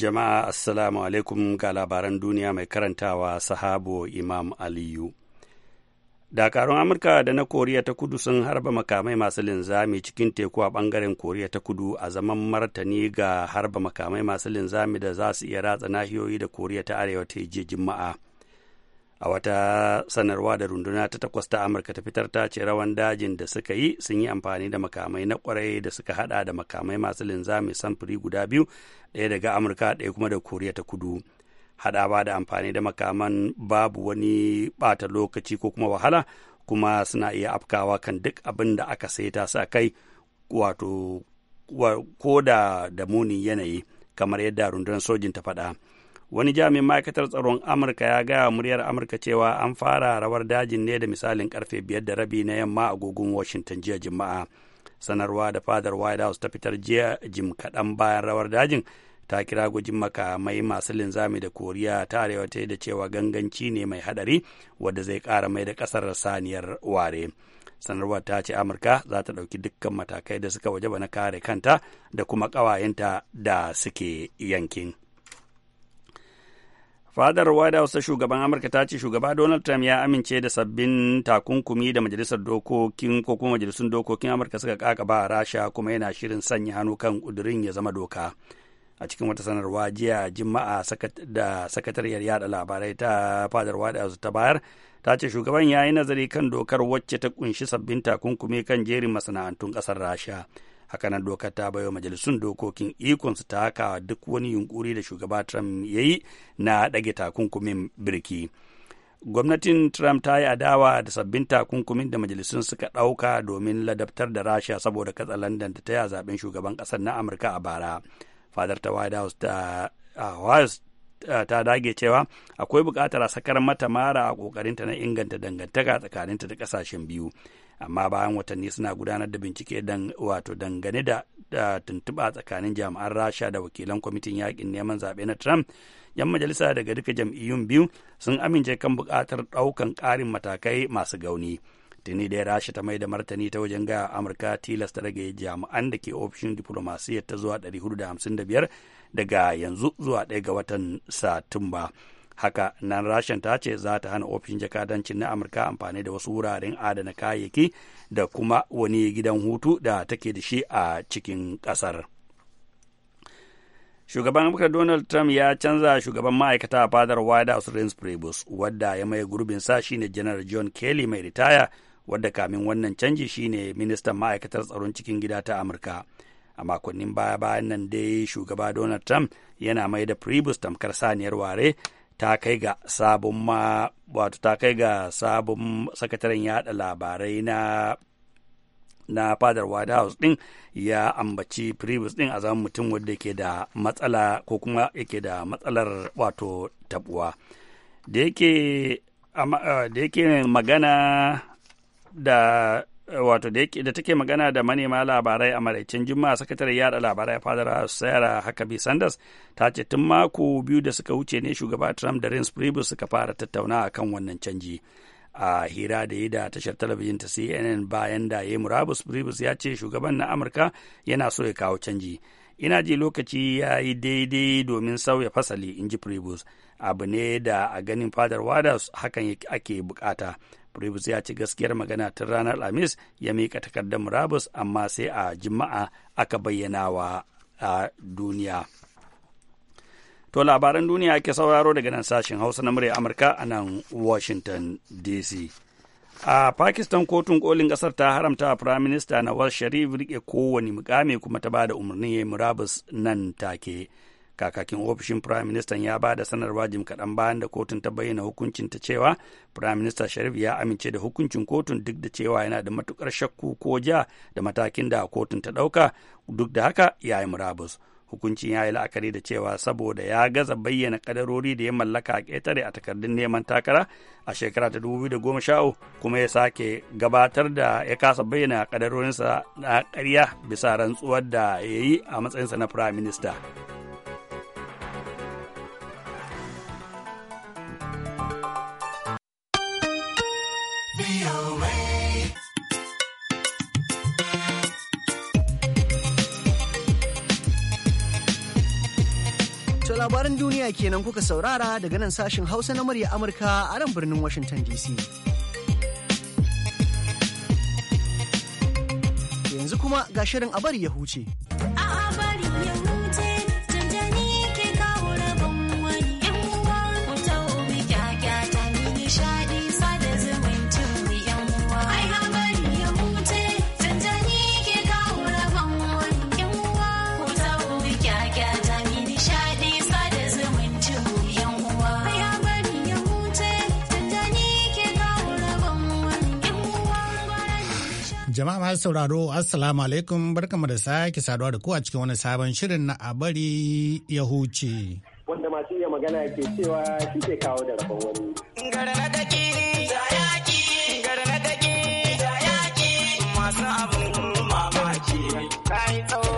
Jama'a Assalamu alaikum ga labaran duniya mai karantawa sahabo Imam Aliyu. Dakarun Amurka da na Koriya ta Kudu sun harba makamai masu linzami cikin teku a bangaren Koriya ta Kudu a zaman martani ga harba makamai masu linzami da za su iya ratsa nahiyoyi da Koriya ta Arewa ta yi jiya Juma'a. a wata sanarwa da runduna ta takwas ta amurka ta fitar ta ce rawan dajin da suka yi sun yi amfani da makamai na kwarai da suka hada da makamai masu linzami samfuri guda biyu ɗaya daga amurka ɗaya kuma da koriya ta kudu haɗawa da amfani da makaman babu wani bata lokaci ko kuma wahala kuma suna iya afkawa kan duk abin da aka saita su a kai wato ko da da munin yanayi kamar yadda rundunar sojin ta faɗa wani jami'in ma'aikatar tsaron amurka ya gaya muryar amurka cewa an fara rawar dajin ne da misalin karfe biyar da rabi na yamma agogon washington jiya juma'a sanarwa da fadar white house ta fitar jiya jim kaɗan bayan rawar dajin ta kira gujin makamai masu linzami da koriya ta arewa ta da cewa ganganci ne mai hadari wadda zai kara mai da kasar saniyar ware sanarwar ta ce amurka za ta ɗauki dukkan matakai da suka wajaba na kare kanta da kuma ƙawayenta da suke yankin Fadar White House shugaban Amurka ta ce shugaba Donald Trump ya amince da sabbin takunkumi da majalisar dokokin ko kuma majalisun dokokin Amurka suka kaka ba a Rasha kuma yana shirin sanya hannu kan kudurin ya zama doka. A cikin wata sanarwa jiya jima'a da sakatariyar yada labarai ta Fadar White House ta bayar ta ce shugaban ya yi nazari kan dokar wacce ta kunshi sabbin takunkumi kan jerin masana'antun kasar Rasha. hakanan dokar ta bayo majalisun dokokin ikon su ta haka duk wani yunkuri da shugaba trump ya yi na ɗage takunkumin birki gwamnatin trump ta yi adawa da sabbin takunkumin da majalisun suka ɗauka domin ladabtar da rasha saboda katsalandan da ta yi zaben shugaban ƙasar na amurka a bara fadar ta white house ta ta dage cewa akwai buƙatar a sakar mata mara a ƙoƙarinta na inganta dangantaka tsakaninta da ƙasashen biyu amma bayan watanni suna gudanar da bincike dan wato dangane da tuntuɓa tsakanin jami'an rasha da wakilan kwamitin yakin neman zaɓe na trump yan majalisa daga duka jam'iyyun biyu sun amince kan buƙatar ɗaukan ƙarin matakai masu gauni tuni da rasha ta mai da martani ta wajen gaya amurka tilasta rage jami'an da ke ofishin diflomasiyyar ta zuwa 455 daga yanzu zuwa ɗaya ga watan satumba. haka nan rashin ta ce za ta hana ofishin jakadancin na amurka amfani da wasu wuraren adana kayayyaki da kuma wani gidan hutu da take da shi a cikin ƙasar. shugaban amurka donald trump ya canza shugaban ma'aikata a fadar white house reince prebus wadda ya mai gurbin sa shine janar john kelly mai ritaya wadda kamin wannan canji shine ministan ma'aikatar tsaron cikin gida ta amurka a makonnin baya bayan nan dai shugaba donald trump yana mai da pribus tamkar saniyar ware ta kai ga sabon ma wato ta kai ga sabon sakataren yada labarai na na fadar White House din ya ambaci previous din a zaman mutum wanda ke da matsala ko kuma yake da matsalar wato tabuwa eh, da yake magana da wato da take magana da manema labarai a maraicin juma'a sakatare yada labarai a fadar haka. bi sanders ta ce tun mako biyu da suka wuce ne shugaba trump da rins priebus suka fara tattaunawa kan wannan canji a hira da yi da tashar talabijin ta cnn bayan da ya murabus priebus ya ce shugaban na amurka yana so ya kawo canji ina ji lokaci ya yi daidai domin sauya fasali in ji Priebus abu ne da a ganin fadar wadas hakan ake bukata Brevis ya ci gaskiyar magana tun ranar Alhamis ya mika takardar murabus amma sai a Juma'a aka bayyana wa a duniya. To labaran duniya ake sauraro daga nan sashen Hausa na murya Amurka a nan Washington DC. A Pakistan kotun kolin ƙasar ta haramta wa Prime Minister Nawaz Sharif rike kowane mukami kuma ta bada umarnin ya yi murabus nan take. kakakin ofishin prime minister ya ba da sanarwa jim kaɗan bayan da kotun ta bayyana hukuncin ta cewa prime minister sharif ya amince da hukuncin kotun duk da cewa yana da matukar shakku ko ja da matakin da kotun ta ɗauka duk da haka ya yi murabus hukuncin ya yi la'akari da cewa saboda ya gaza bayyana kadarori da ya mallaka a ƙetare a takardun neman takara a shekara ta 2010 kuma ya sake gabatar da ya kasa bayyana kadarorinsa na ƙarya bisa rantsuwar da ya yi a matsayinsa na prime minister labaran duniya kenan kuka saurara daga nan sashen hausa na murya amurka a nan birnin washington dc yanzu kuma ga shirin a abar ya huce. Jama'a masu sauraro, Assalamu alaikum barkamu da sake saduwa da ku a cikin wani sabon shirin na abari ya huce. Wanda masu iya magana ke cewa shi ke kawo da rabon wani. Gara na daki, na masu abin mamaki,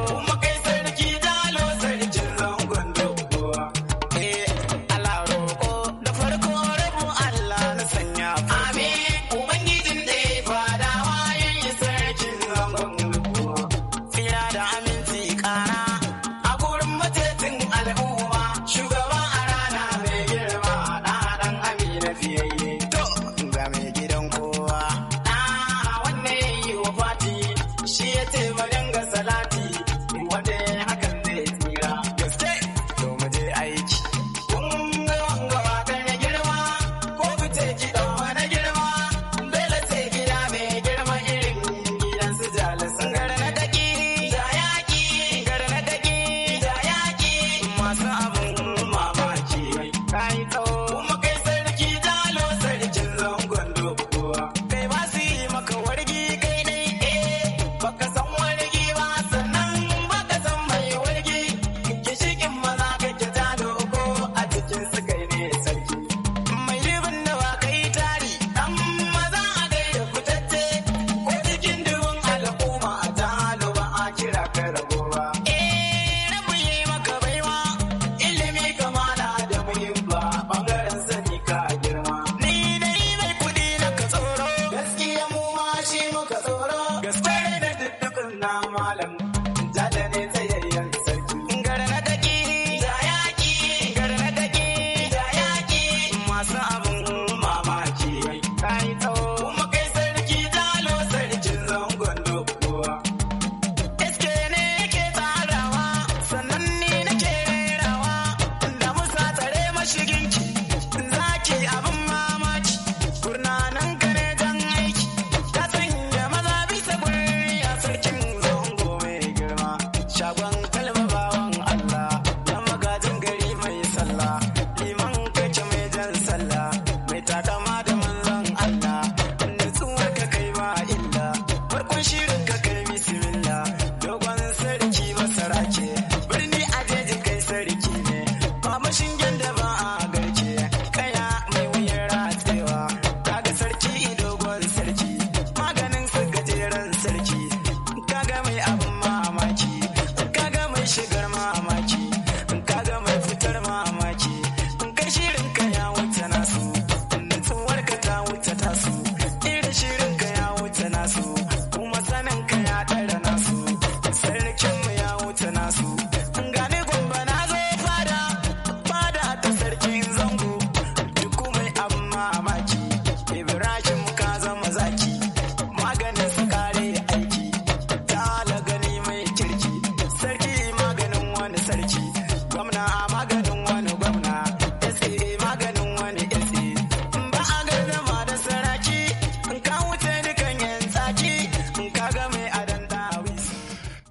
To, ga gidan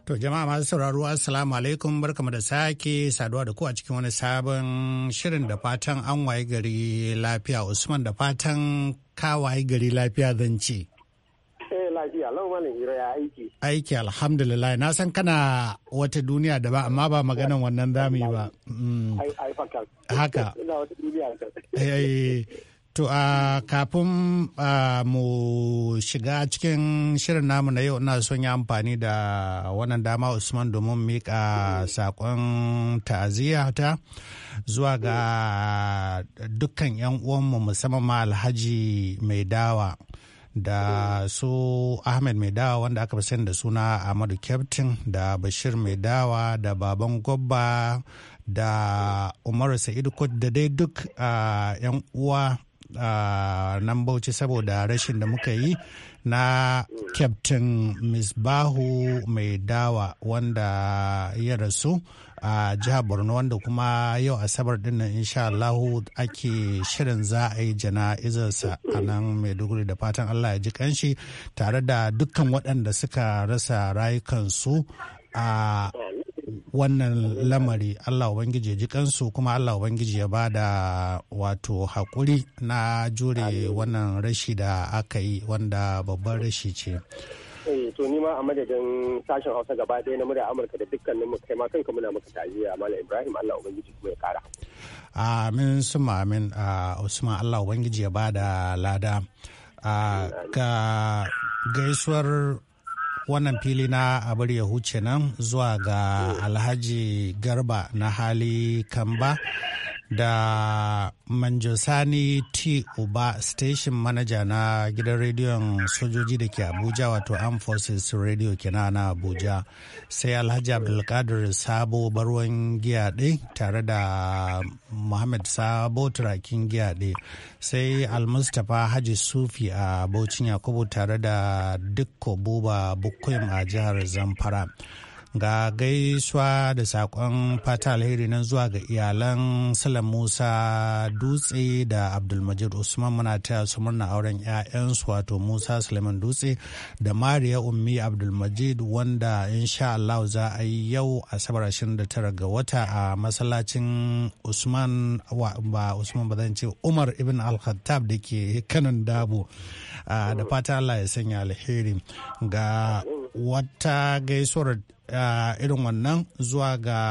To jama'a masu sauraro assalamu alaikum barkamu da sake saduwa da ku a cikin wani sabon shirin da fatan an waye gari lafiya Usman da fatan ka waye gari lafiya zan ce. Eh lafiya lau malam hira ya aiki. Aiki alhamdulillah na san kana wata duniya da ba amma ba maganan wannan zamu yi ba. Mm. Haka. To a kafin mu shiga cikin shirin namu na yau ina son yi amfani da wannan dama Usman domin miƙa saƙon ta'aziyya ta zuwa ga dukkan 'yan uwanmu musamman ma Alhaji Mai Dawa da su Ahmed Mai Dawa wanda aka fi sani da suna Ahmadu Kyaftin da Bashir Mai Dawa da Baban Gobba da Umaru Sa'idu da dai duk 'yan uwa nan bauchi saboda rashin da muka yi na kyaftin misbahu mai dawa wanda ya rasu a jihar borno wanda kuma yau asabar dinnan insha Allahu ake shirin za a yi jana'izarsa a nan maiduguri da fatan allah ya ji kanshi tare da dukkan waɗanda suka rasa rayukansu a wannan lamari Allah Ubangiji ya ji kansu kuma Allah Ubangiji ya ba da wato haƙuri na jure wannan rashi da aka yi wanda babban rashi ce. Eh, to ni ma a madadin sashen hausa gaba ɗaya na murya amurka da dukkanin mu kai ma kanka muna maka ta'aziyya mala ibrahim allah ubangiji kuma ya kara amin suma amin usman allah ubangiji ya bada lada ga gaisuwar wannan fili na abar ya huce nan zuwa ga alhaji garba na hali kamba da manjosani t uba station manager na gidan rediyon sojoji da ke abuja wato armed forces radio kenan na abuja sai alhaji abdulkadir sabo barwan giyaɗe tare da muhammad sabo turakin giyaɗe sai almustapha haji sufi a baucin yakubu tare da dukko buba bukkoyim a jihar zamfara ga gaisuwa da saƙon fata alheri nan zuwa ga iyalan Salam Musa Dutse da Abdulmajid Usman muna taya su murna auren 'ya'yansu wato Musa Suleiman Dutse da Mariya Ummi Abdulmajid wanda insha Allah za a yi yau a Asabar 29 ga wata a masallacin Usman ba Usman ba zan ce Umar ibn al da ke kanan dabo ah, da fata Allah ya sanya alheri ga wata gaisuwar Uh, irin wannan zuwa ga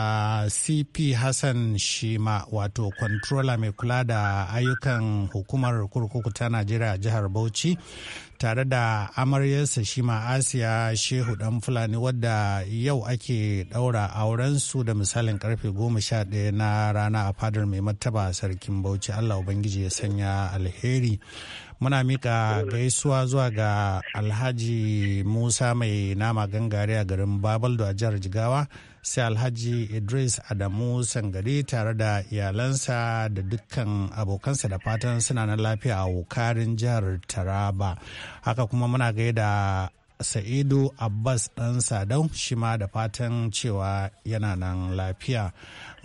cp hassan shima wato controller mai kula da ayyukan hukumar kurkuku ta najeriya jihar bauchi tare da amaryarsa ma asiya shehu dan fulani wadda yau ake daura aurensu da misalin karfe goma sha ɗaya na rana a fadar mai martaba sarkin bauchi allah ubangiji ya sanya alheri muna mika gaisuwa zuwa ga alhaji musa mai nama gangare a garin babaldo a jihar jigawa sai alhaji idris adamu sangare tare da iyalansa da dukkan abokansa da fatan suna na lafiya a wukarin jihar taraba haka kuma muna gaida sa'idu abbas dan sadau shi ma da fatan cewa yana nan lafiya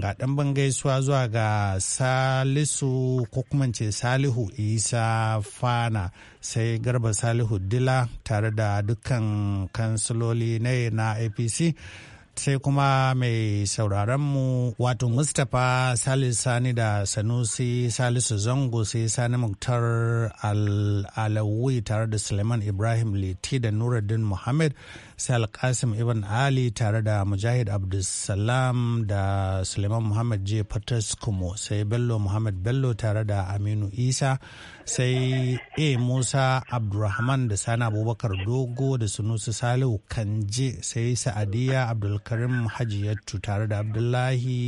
ga dan ban gaisuwa zuwa ga salisu ko kuma ce salihu isa fana sai garba salihu dila tare da dukkan kansiloli na apc sai kuma mai sauraronmu wato mustapha salisu sani da sanusi salisu zango sai sani muktar alawi tare da suleiman ibrahim liti da nuruddin muhammad sai alkasim ibn ali tare da mujahid abdulsalam da suleiman muhammad j kumo sai bello muhammad bello tare da aminu isa sai a musa abdulrahman da sani abubakar dogo da sunusu salihu kanje sai Sa'adiyya abdulkarim Hajiyatu tare da abdullahi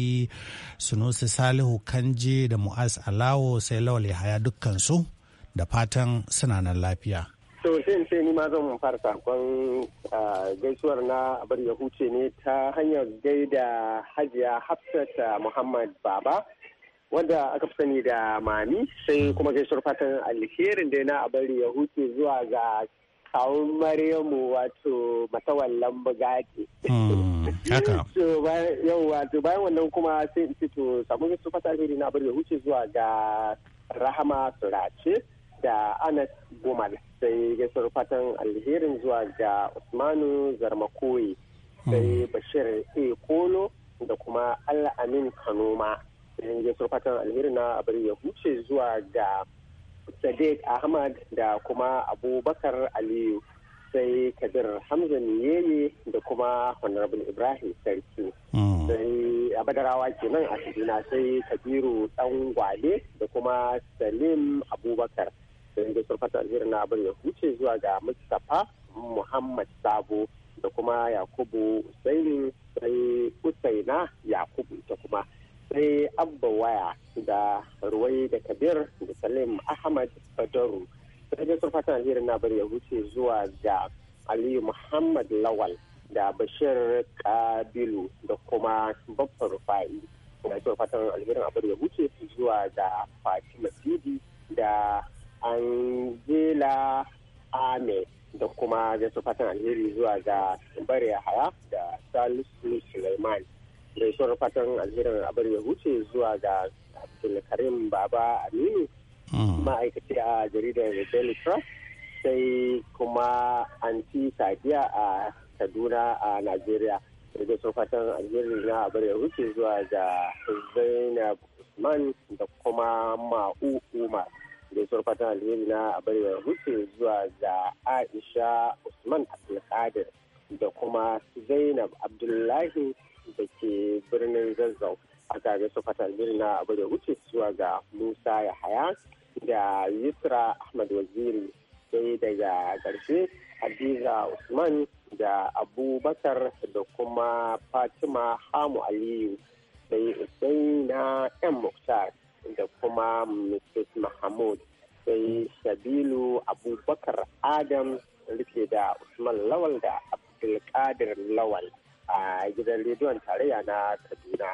sunusu salihu kanje da mu'az alawo sai lawal yahaya dukkansu da fatan suna nan lafiya to sai in ce ni ma zan fara sakon gaisuwar na bari ya huce ne ta hanyar gaida hajiya hafsat muhammad baba wanda aka fi sani da mami sai kuma gaisuwar fatan alherin da na bari ya huce zuwa ga kawun maryamu wato matawallan bugaki hmm, haka yau wato bayan wannan kuma sai in ce to sabon gaisuwar fatan alheri na bari ya huce zuwa ga rahama surace da anas gumal sai gasar fatan alherin zuwa ga usmanu zarmakoyi hmm. sai bashir a kolo da kuma allah amin kanoma sai gaisar fatan alherin na abin ya huce zuwa ga sadiq ahmad da kuma abubakar aliyu sai kadir hamza niyeli da kuma honorable ibrahim sarki hmm. sai a badarawa kenan a sai kabiru dan gwale da kuma salim abubakar sai da surfata alherin na abin ya huce zuwa ga mustapha muhammad sabo da kuma yakubu usaini sai usaina yakubu ta kuma sai abba waya da ruwai da kabir da salim ahmad badaru sai da surfata alherin na abin ya huce zuwa ga aliyu muhammad lawal da bashir kabilu da kuma babba rufa'i da fatan alherin abin ya huce zuwa ga fatima sidi da angela ahmed da kuma da su fatan alheri zuwa ga a haya da salisu suleiman gaisuwar fatan alherin bari ya huce zuwa ga abdulkarim baba aminu hmm. ma'aikaci a jaridar daily trust sai kuma anti sadiya a kaduna a Najeriya da su fatan alherin na bari ya huce zuwa ga zainab usman da kuma ma'u umar gaisuwar alheri na a bari huce zuwa ga aisha usman abdulkadir da kuma zainab abdullahi da ke birnin zazzau aka gaisuwar fatan alheri na a bari huce zuwa ga musa yahaya da yusra ahmad waziri sai daga ƙarshe hadiza usman da abubakar da kuma fatima hamu aliyu sai na yan muktar da kuma Mrs. Mahmud sai Shabilu Abubakar Adam rike da Usman Lawal da Abdulkadir Lawal a gidan rediyon tarayya na Kaduna.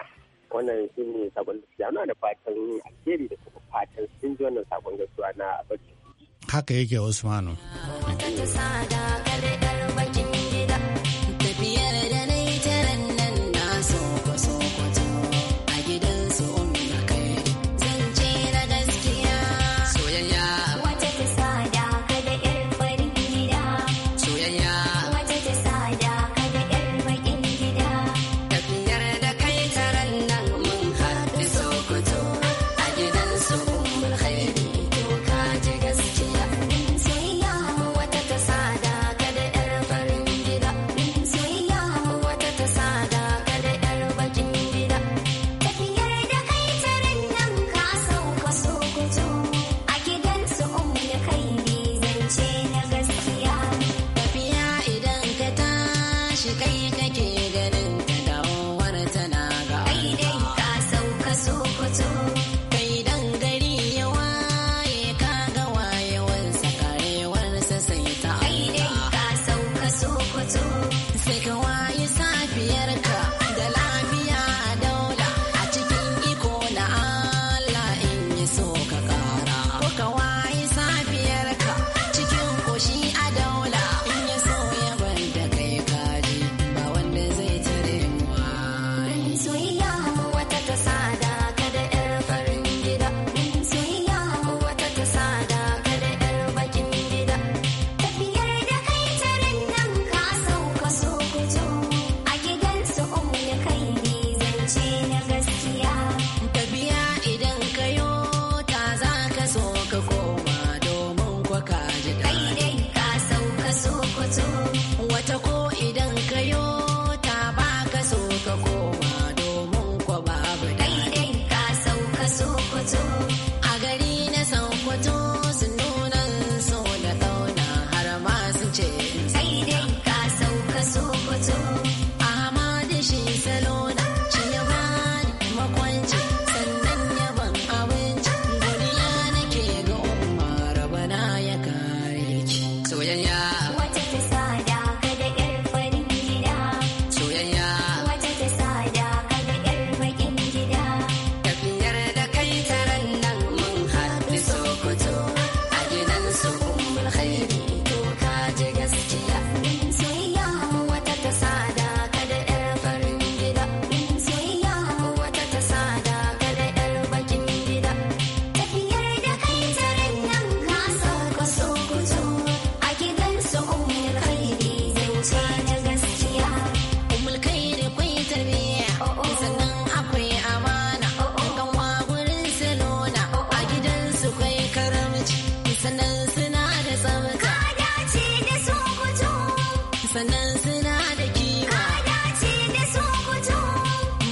Wannan shi ne sabon gaskiya da fatan alheri da kuma fatan sun ji wannan sabon gaskiya na Abuja. Haka yake Usmanu.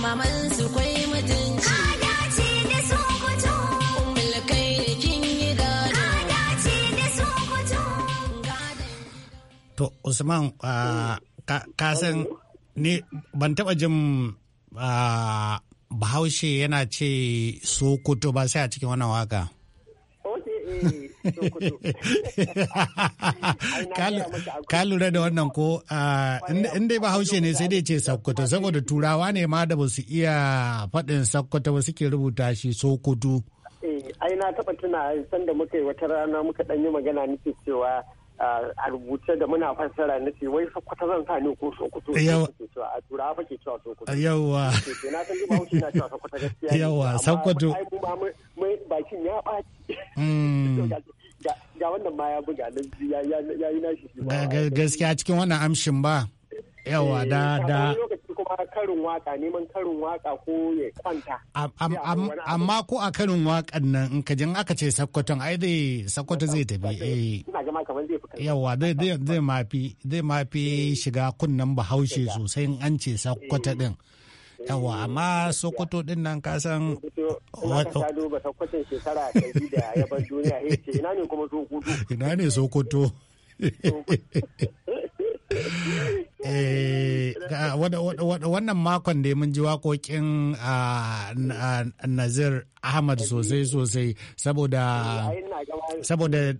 mamansu kwai To Usman uh, ka san ni ban taba jin Bahaushe yana ce Sokoto ba sai a cikin wannan waka. Ka lura da wannan ko in dai ba haushe ne sai dai ce Sokoto saboda turawa ne ma da ba su iya faɗin Sokoto ba suke rubuta shi Sokoto. Aina eh, ai na taɓa tuna sanda muka yi wata rana muka ɗan yi magana nake cewa a rubuce da muna fassara na ce wai sokoto zan sa ne ko sokoto ke cewa a turawa fa ke cewa sokoto yawa na san ba wuce na cewa sokoto gaskiya yawa sokoto ai ba mai bakin ya baci hmm. ga wannan ma ya buga nan ya yi nashi gaskiya cikin wannan amshin ba yawa da da karin waka neman karin waka ko ya kwanta amma ko a karin wakan nan in ka jin aka ce sakkwaton ai dai sakkwato zai tafi eh yawa zai mafi zai mafi eh. shiga kunnen bahaushe sosai in an ce sakkwato din eh. yawa amma sokoto din nan ka san wato duba sokoton shekara da ya bar duniya eh, ina ne kuma sokoto ina ne sokoto Eh, wannan makon da mun ji wakokin ah, ah, Nazir Ahmad sosai sosai saboda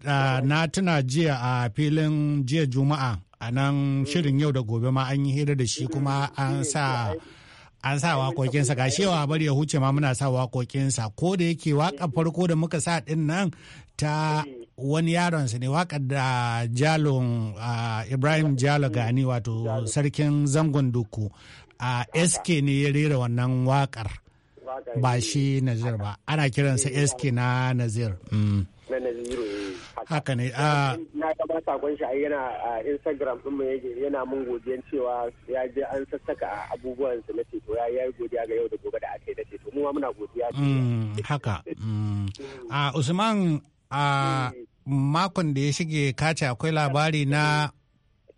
ah, na tuna jiya a filin jiya Juma'a a nan shirin yau da gobe ma an yi hira da shi kuma an sa an sa wakokinsa ga shewa bari ya huce ma muna sa wakokinsa ko da yake waka farko da muka sa din nan ta wani yaronsa ne waƙar da jalon ibrahim jalo gani wato sarkin zangon duku a sk ne ya rera wannan waƙar ba shi nazir ba ana kiransa sk na nazir mm. eh. haka ne a na gaba sakon shi a yana a instagram din mu yake yana mun godiyan cewa ya je an sassaka abubuwan su na ceto ya yi godiya ga yau da gobe da aka yi da ceto mu ma muna godiya mm, haka mm. a usman a makon da ya shige kace akwai labari na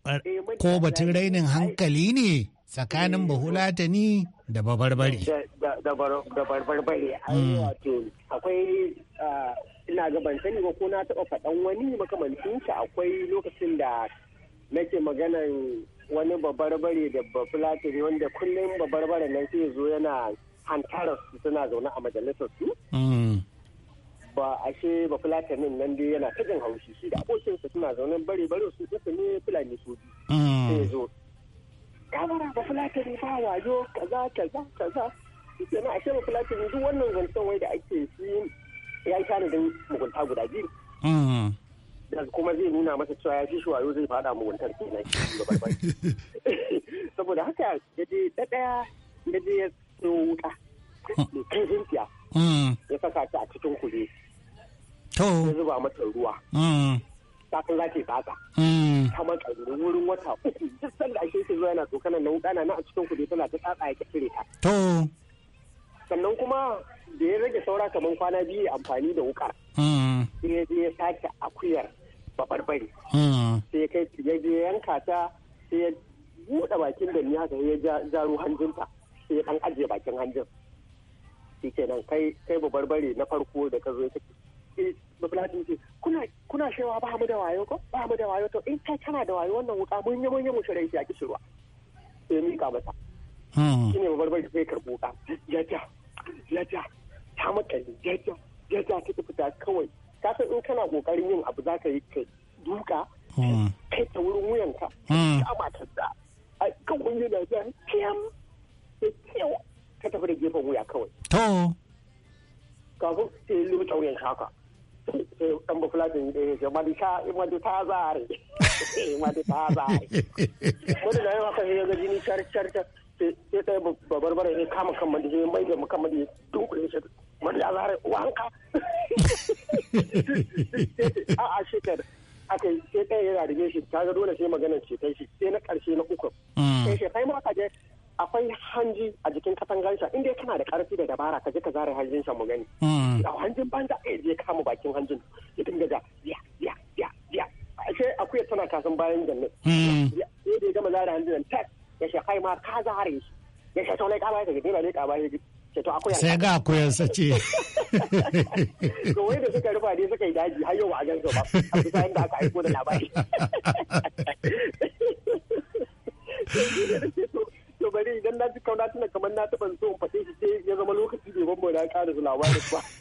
eh, ko batun rainin hankali ne tsakanin eh, ni da babarbare. Da babarbare, mm. akwai ina ga ban sani ba ko na taɓa faɗan wani makamancin shi akwai lokacin da nake maganan wani babarbari da ne wanda kullum babarbare nan sai zo yana hantarar suna zaune a majalisar su. Mm. ashe ba fulatanin nan dai yana ta jin haushi shi da abokinsa suna zaunan bare bare su duka ne fulani su mm. sai zo kamara ba fulatani ba wayo kaza kaza kaza shi na ashe ba fulatanin duk wannan zancen wai da ake shi ya yi tanadin mugunta guda biyu mm. kuma zai nuna masa cewa ya ji shi wayo zai fada muguntar kenan saboda haka ya je ta ɗaya ya je ya wuta mai kai mm. ya saka ta a cikin kuje ya zuba mata ruwa kafin mm. za ta yi tsatsa mm. ta mata wurin wata uku duk sanda ake shi zuwa yana tsokanan na wuka na a cikin kuɗi tana ta tsatsa ya cire ta to sannan kuma da ya rage saura kamar kwana biyu amfani da wuka mm. sai ya je ya sake akuyar babarbare sai ya kai ya je yanka ta sai ya buɗe bakin da ni haka ya jaro hanjinta sai ya ɗan ajiye bakin hanjin shi kenan kai kai babarbare na farko da ka zo ya Eh, babulatin ce kuna kuna shewa ba mu da wayo ko ba mu da wayo to in kai kana da wayo wannan wuka mun yi mun yi mu shirai shi a kishirwa sai mika masa hmm. shi ne babbar sai karɓo ka jaja jaja ta makale jaja jaja ta fita kawai ka san in kana kokarin yin abu za ka yi kai duka hmm. kai ta wurin wuyanka hmm. ta matar da a kan wani na ja tiyam da tiyam ka tafi da gefen wuya kawai to kafin sai lubu tsaurin shaka dan ba fulani ne eh, madi ta ta zare ta zare yawa kan yaga jini char char sai sai babbar bare ne kama kan mai kan shi ya zare wanka a a shekar aka sai kai yana shi ta ga dole sai magana ce kai shi sai na karshe na uku mm. sai shi kai ma ka je hanji a jikin katangar sa inda kana da karfi da dabara ka je ka zare hanjin sa mu gani hmm. a hanjin banza eh je kama bakin hanjin ya dinga ja ya ya ya ya sai akwai tana kasan bayan jannu hmm. ya da gama zare hanjin nan tak ya ce kai ma ka zare shi ya ce to lai ka bai ka dole ne ka bai to akwai sai ga akwai sace ce da suka rufa ne suka yi daji har yau ba a gansu ba a bisa yadda aka aiko da labari idan na ji kauna tana kamar na taɓa so in faɗe shi sai ya zama lokaci bai gwamma na ƙara labarin ba.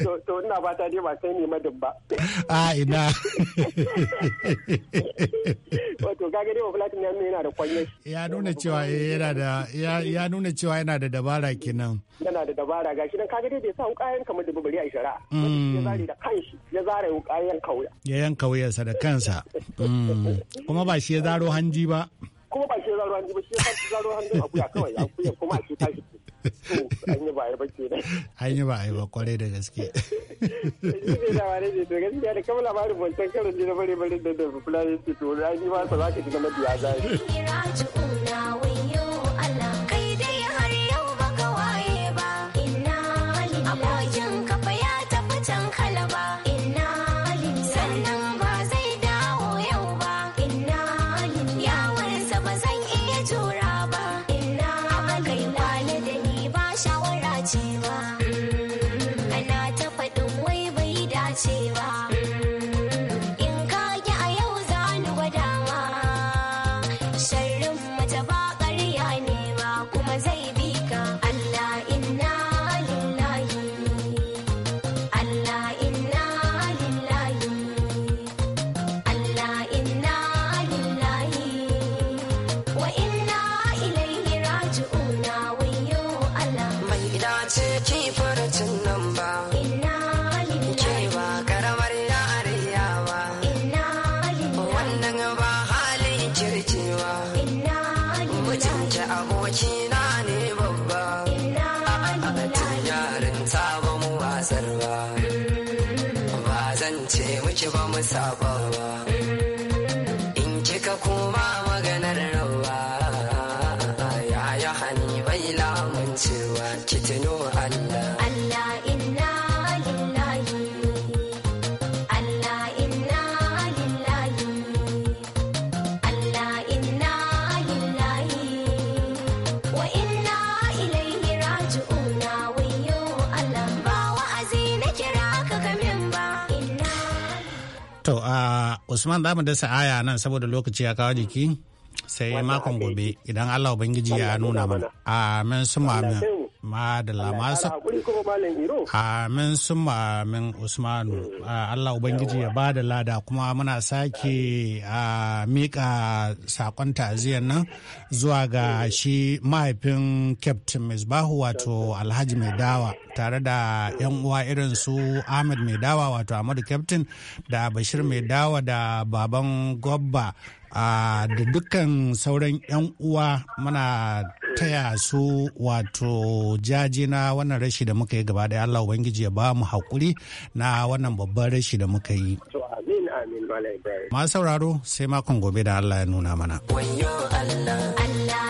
To ina fata dai ba kai ne madin ba. A ina. Wato kaga dai fulatin ya nuna yana da kwanye. Ya nuna cewa eh, yana da ya nuna cewa yana da dabara kenan. Yana da dabara gashi dan kaga dai bai sa wukayen kamar da bari a shara. Mm. Ya zare da kanshi ya zare wukayen kauya. Ya yanka wuyarsa da kansa. Mm. Kuma ba shi ya zaro hanji ba. kuma ba shi zaro hannu ba shi ya zaro hannun kawai kuma a shi tashi an yi ba a yi ba ke an yi ba a yi ba kwarai da gaske shi ne ne to gaskiya da labarin wancan karin ne na bare da da fulani to an yi ba sa za ka ji na zai Usman za mu dasa aya nan saboda lokaci ya kawo jiki sai makon gobe idan Allah Ubangiji ya nuna mana. Amin su amin. Madalla masu. Amin sun amin Usmanu. Hmm. Ah, Allah Ubangiji ya ba da lada kuma muna sake ah, mika sakon ta'aziyar nan zuwa ga hmm. shi mahaifin Captain Misbahu wato Alhaji Mai Dawa tare da 'yan uwa irin su Ahmed Mai Dawa wato Ahmadu Captain da Bashir Mai Dawa da Baban Gobba ah, da dukkan sauran 'yan uwa muna taya su wato jaji na wannan rashi da muka yi gaba daya Allah ubangiji ya ba mu haƙuri na wannan babban rashi da muka yi masu sauraro sai makon gobe da Allah ya nuna mana Allah